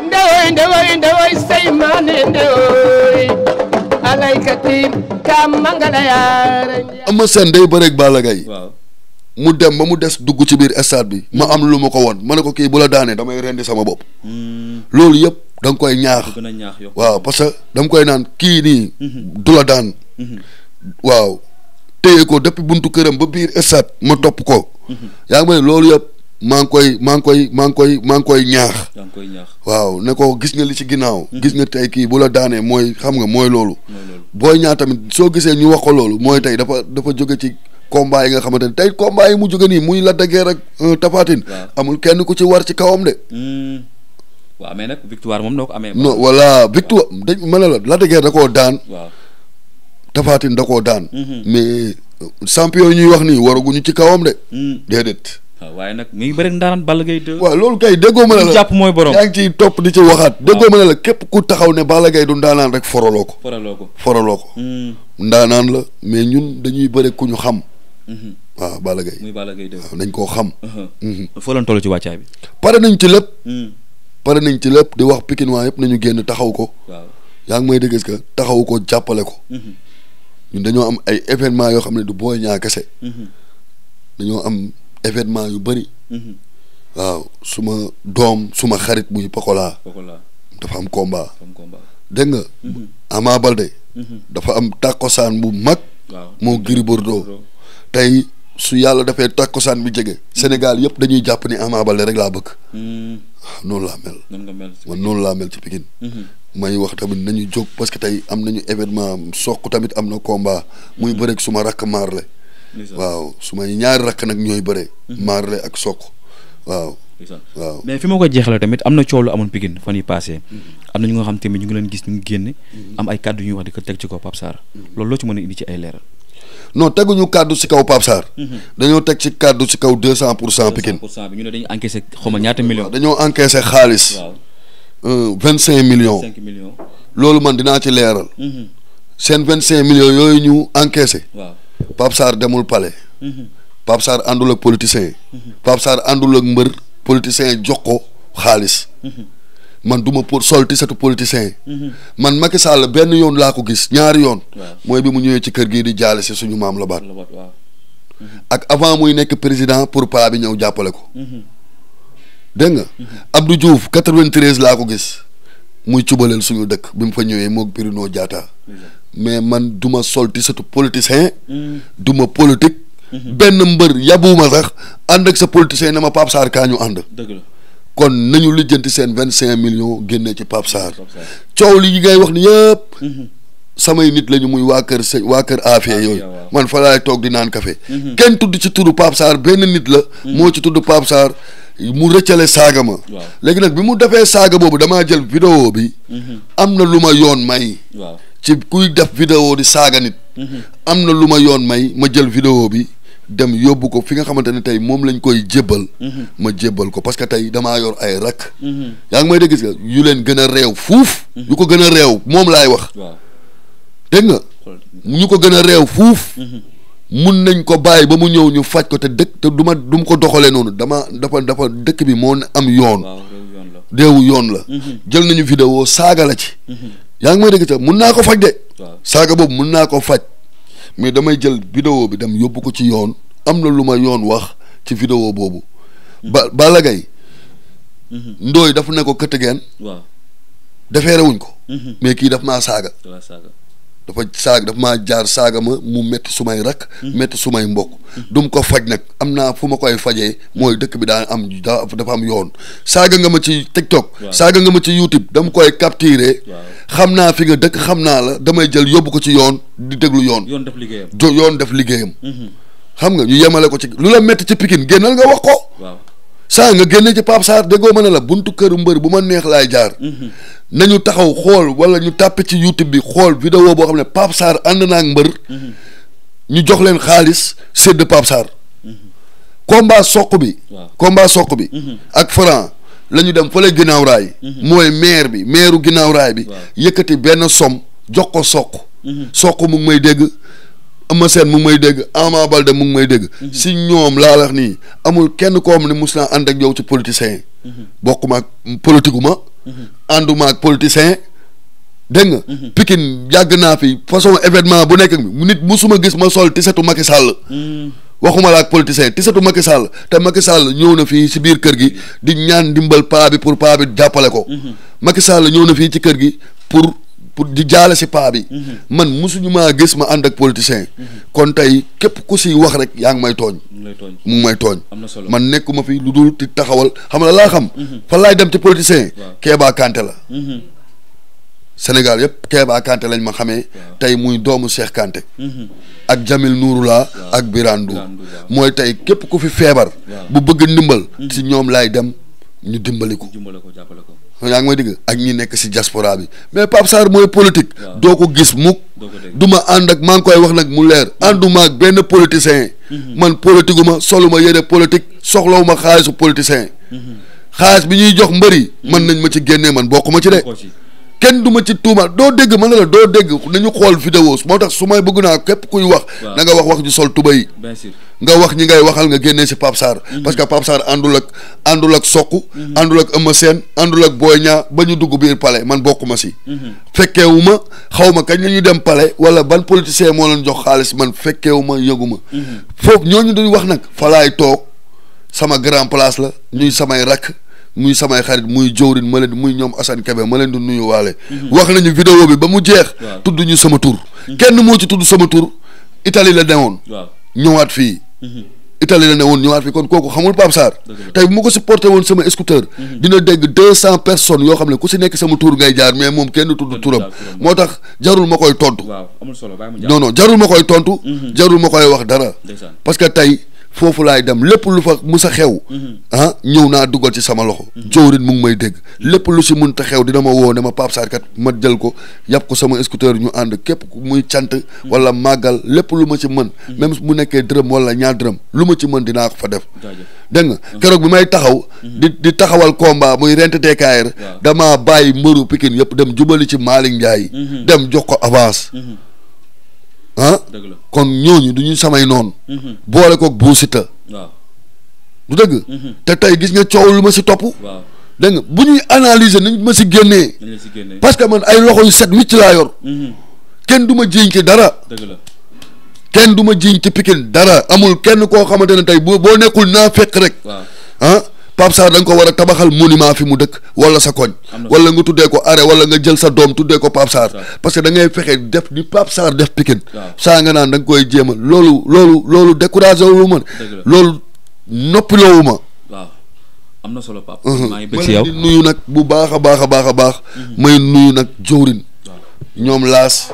ndewoy ndewoy ndewoy seymane ndewoy alaykati kam mangala yaare ama sen day bëreeg Balla mu dem ba mu dess dugg ci bir estade bi ma am lu ma ko won ma ki bula dané damay rendi sama bop hmm. lolou yep dang koy ñaax waaw parce que dang koy nan ki ni mhm. dula dan mhm. waaw teyeko depuis buntu kërëm ba bir estade ma top ko mhm. yaa ngi lolou yep maa ngi koy maa ngi koy maa ngi koy maa ngi koy ñaax. maa koy ñaax waaw ne ko gis nga li ci ginnaaw. Mhm. gis nga tey kii bu la daanee mooy xam nga mooy loolu. booy ñaax tamit soo gisee ñu wax ko loolu mooy tey dafa dafa jóge ci combat yi nga xamante ne tey combat yi mu jóge nii muy la daggee rek euh, tafatin amul kenn ku ci war ci kawam de. Hmm. waaw nag victoire moom noo amee. non voilà victoire dañ mën la la daggee da ko daan. waaw tafatin da koo daan. Mhm. mais champion yi ñuy wax nii waraguñu ci kawam de. Hmm. déedéet. waaw nag mi ngi bëri ndaanaan Balla Gaye 2. loolu kay déggoo ma ne la mooy borom yaa ngi ciy topp di ci waxaat. déggoo ma ne képp ku taxaw ne Balla Gaye du ndaanaan rek foroloo ko. foroloo ko foroloo ko. Hmm. ndaanaan la mais ñun dañuy bëri ku ñu xam. Hmm. waaw Balla Gaye. muy Balla Gaye 2 waaw nañ koo xam. Uh-huh. Hmm. foo leen ci wàccaay bi. pare nañ ci lépp. pare nañ ci lépp di wax Pikine waa yëpp nañu génn taxaw ko. yaa ngi may dégg ka ce taxaw ko jàppale ko. ñun dañoo am ay événement yoo xam ne du booy ñaa kese. dañoo am événement yu bëri. Mhm. waaw suma doom suma xarit muy Pokola. Pokola dafa am combat. dégg nga. Mhm. Ama Balde. Mhm. dafa am tàkkosaan bu mag. moo Gris Bordeaux tey su yàlla defee tàkkosaan bu jege. Sénégal yëpp dañuy jàpp ni Ama Balde rek laa bëgg. waaw ah, noonu laa mel. man noonu laa mel ci Pikine. may wax tamit nañu jóg parce que tey am nañu événement soq tamit am na combat. muy bëreeg suma rakk maar la waaw su ma ñaari rakk nag ñooy bëre. Mhm. Marley ak sook waaw. mais fi ma ko jeexalee tamit am na coow lu amoon Pikine fan yi passé mhm. am na ñu nga xam tamit ñu ngi leen gis ñu ngi génn mhm. am ay kàddu ñuy wax di ko teg ci kaw Pape Sarr loolu loo ci mën a indi ci ay leeral non ñu kàddu si kaw Pape Sarr dañoo teg ci kàddu si kaw deux cent pour cent Pikine bi ñu ne dañu encaissé xaw ma ñaata millions dañoo encaissé xaalis vingt cinq millions loolu man dinaa ci leeral seen vingt cinq millions yooyu ñu encaissé waaw Pape Sarr demul palais. Mhm. Pape Sarr àndul ak politicien. Mhm. Pape Sarr àndul ak mbër politicien jox ko xaalis. Mhm. man du ma pour sol tisatu politicien man Macky Sall benn yoon laa ko gis ñaari yoon. mooy bi mu ñëwee ci kër gii di jaale si suñu maam la baat. ak avant muy nekk président pour pa bi ñëw jàppale ko. dégg nga. Abdou Diouf 93 laa ko gis muy cubaleel suñu dëkk bi mu fa ñëwee moog noo Diatta. mais man duma ma sol ti surtout politicien. Mm. du ma politique. Mm-hmm. benn mbër yabuuma sax ànd ak sa politicien ne ma Pape Sarr ñu ànd. dëgg la kon nañu lijjanti seen vingt cinq millions génne ci Pape Sarr. coow li ngay wax ni mm-hmm. samay nit lañu muy waa kër waa kër afia yooyu man fa toog di naan café mm-hmm. kenn ci tudd Pape Sarr benn nit la moo ci tudd Pape Sarr mu rëccale saaga ma léegi nag bi mu defee saaga boobu damaa jël vidéo bi am na lu ma yoon may ci kuy def video di saaga nit. Mm-hmm. am na lu ma yoon may ma jël vidéo bi dem yóbbu ko fi nga xamante ne tey moom lañ koy jébbal. Mm-hmm. ma jébbal ko parce que tey damaa yor ay rak. Mm-hmm. yaa ngi may dégg gis nga yu leen gën a réew fuuf. yu ko gën a réew moom laay wax. dégg nga ñu ko gën a réew fuuf. mun nañ ko bàyyi ba mu ñëw ñu faj ko te dëkk te du ma du ko doxalee noonu dama dafa dafa dëkk bi moo am yoon. réewu yoon la. jël nañu vidéo saaga la ci. yaa ngi may dégg ca mun naa ko faj de. saaga boobu mun naa ko faj mu damay jël vidéo bi dem yóbbu ko ci yoon am na lu ma yoon wax ci vidéo boobu. ba hmm. Balla Gaye hmm. ndooy daf ne ko këtt geen. waaw defeere ko. Hmm. mais kii daf maa saaga. dafa saaga dafa maa jaar saaga ma mu métti sumay rakk. métti hmm. sumay mbokk. Hmm. dum ko faj nag am naa fu ma koy fajee mooy dëkk bi daa am daa dafa am yoon saaga nga ma ci TikTok. saaga nga ma ci YouTube dama koy capturer. xam naa fi nga dëkk xam naa la damay jël yóbbu ko ci yoon di déglu yoon. yoon def liggéeyam yoon def liggéeyam. Hmm. xam nga ñu yemale ko ci lu la métti ci Pikine génnal nga wax ko. saa nga génne ci Pape saar déggoo ma ne la buntu këru mbër bu ma neex laay jaar. Mhm. na ñu taxaw xool wala ñu tàppe ci YouTube bi xool vidéo boo xam ne Pape Sarr ànd naa ak mbër. Mhm. ñu jox leen xaalis sédd Pape Sarr. Mhm. combat soq bi. komba combat soq bi. ak Franc la ñu dem fële ginnaaw raay. mooy maire bi maireu ginnaaw raay bi. yëkkati benn somme jox ko soq. soq mu ngi may dégg. Ama Sène mu ngi may dégg Ama Balde mu ngi may dégg. Mhm. si ñoom laa la nii amul kenn koo ni mu mus naa ànd ak yow ci politicien yi. Mhm. bokkuma ak politique ma. Mhm. ànduma ak politicien dégg nga. Pikine yàgg naa fi façon événement bu nekk mi nit musuma gis ma sol tisetu Macky Sall. waxuma la ak politicien tisetu Macky Sall te Macky Sall ñëw na fii si biir kër gi di ñaan ndimbal paa bi pour paa bi jàppale ko. Macky Sall ñëw na fii ci kër gi pour. pour di jaale si paa bi. Mhm. man mosuñu maa gis ma ànd ak politicien. Mhm. kon tey képp ku si wax rek yaa ngi may tooñ. mu ngi may tooñ. man nekkuma fi lu dul di taxawal xam la laa xam. Mhm. fan laay dem ci politicien. keebaa Kéba Kanté la. Sénégal yëpp Kéba Kanté lañ ma xamee. tey muy doomu Cheikh Kanté. ak Jamil Nouroula ak Birandou mooy tey képp ku fi feebar. bu bëgg ndimbal. si ñoom laay dem. ñu dimbali ko. dimbali ko jàppale yaa ngi may dégg ak ñu nekk si diaspora bi mais Pape mooy politique. doo ko gis mukk. du ma ànd ak maa ngi koy wax nag mu leer ànduma ak benn politicien. Mm-hmm. man politique ma soluma yére politique soxlawu ma xaalisu politicien. Mm-hmm. xaalis bi ñuy jox mbëri. Mm-hmm. mën nañ ma ci génnee man bokk ma ci de. Ken duma ci tuumal do deg man la do deg nañu xol vidéo motax sumay bëgguna kep kuy wax na nga wax wax ju sol tubai sûr nga wax ñi ngay waxal nga génné ci pap sar mhm. parce que pap sar andul ak andul ak sokku andul mhm. ak Eumeu sen andul ak Boy dugg biir palais man bokuma ci mhm. fekke wuma xawma kañ lañu dem palais wala ban politicien mo lañ jox xaaliss man fekke wuma yeguma fok ñoñu duñ wax nak fa tok sama grand place la ñuy samay rak muy samay xarit muy jowrin ma leen muy ñoom Assane Kebe ma leen di nuyu waale mhm. wax nañu vidéo bi ba mu jeex tudd ñu sama tur mhm. kenn moo ci tudd sama tur mhm. Italie la newoon ñëwaat fii Italie la ne woon ñëwaat fi kon kooku xamul Pape Sarr tey bu ma ko supporté woon sama scooter dina dégg deux cent personnes yoo xam ne ku si nekk sama tur ngay jaar mais moom kenn tudd turam moo tax jarul ma koy tontu non non jarul ma koy tontu jarul ma koy wax dara parce que tey foofu laay dem lépp lu fa mu sa xew mhm. ah ñëw naa duggal ci sama loxo mhm. jowrin mu may dégg lépp lu si mun ta xew dina ma woo ne ma Pape Sarr kat ma jël ko yàpp ko sama scooter ñu ànd képp muy cant mhm. wala màggal lépp lu ma ci mën même mu nekkee dërëm wala ñaar dërëm lu ma ci mën dinaa ko fa def dégg nga keroog bi may taxaw di di taxawal combat muy rent DKR damaa bàyyi mbëru pikin yëpp dem jubali ci Malick Ndiaye dem jox ko avance ah kon ñooñu du ñu samay noon mhm. boole koog Bou Siteu waaw du dëgg mhm. te tey gis nga coow lu ma si topp dégg nga bu ñuy analyser nañ ma si génnee parce que man ay loxo yu set wicc laa yor mhm. kenn du ma jiiñ ci dara kenn du ma jiiñ ci Pikine dara amul kenn koo xamante ne tey boo boo nekkul naa fekk rek ah Pape Sarr da ko war a tabaxal monument fi mu dëkk wala sa koñ wala nga tuddee ko arrêt wala nga jël sa doom tuddee ko Pape Sarr parce que da ngay fexe def ni Pape Sarr def Pikine saa nga naan da koy jéema loolu loolu loolu découragé wu ma loolu noppiloowu ma am na solo Pape uh-huh. maa ngi nuyu nag bu baax a baax a baax a baax mm-hmm. may nuyu nag jëwrin ñoom laas